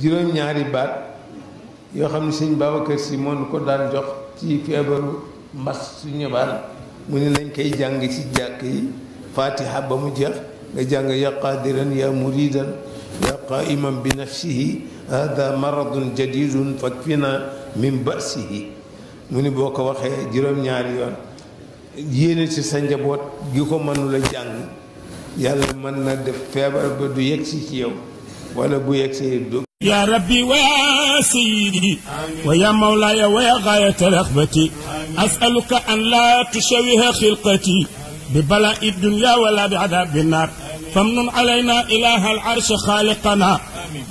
juróom-ñaari baat yoo xam ne sëñ Babacar Si moo nu ko daan jox ci feebaru mbas su ñëbaan mu ne nañ koy jàng ci jàkk yi fatiha ba mu jeex nga jàng ya qadiran ya muridan ya qaiman bi nafsihi hada maradun jadidun fakfina min basihi mu ni boo ko waxee juróom-ñaari yoon yéene ci sa njaboot gi ko mënula jàng yàlla mën na def feebar ba du yegsi ci yow wala bu yegsee du يا ربي ويا سيدي ويا مولاي ويا غاية رغبتي أسألك أن لا تشوه خلقتي ببلاء الدنيا ولا بعذاب النار فمن علينا إله العرش خالقنا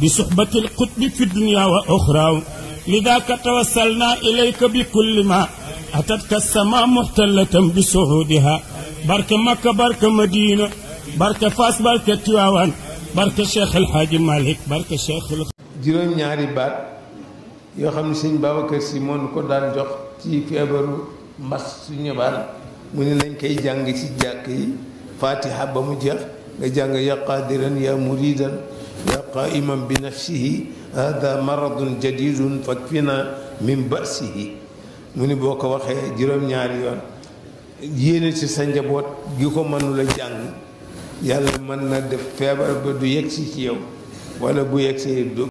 بصحبة القطب في الدنيا وأخرى لذاك توسلنا إليك بكل ما أتتك السماء محتلة بصعودها بارك مكة بارك مدينة بارك فاس بارك تيوان بارك الشيخ الحاج مالك بارك الشيخ juróom-ñaari baat yoo xam ne sëñ Babacar Si moo nu ko daan jox ci feebaru mbas su ñëbaan mu ne nañ koy jàng ci jàkk yi fatiha ba mu jeex nga jàng ya qaadiran ya muridan ya qaiman bi nafsihi hada maradun jadidun fakfina min mu ni boo ko waxee juróom-ñaari yoon yéene ci sa njaboot gi ko mënula jàng yàlla mën na def feebar ba du yegsi ci yow wala bu yegsee du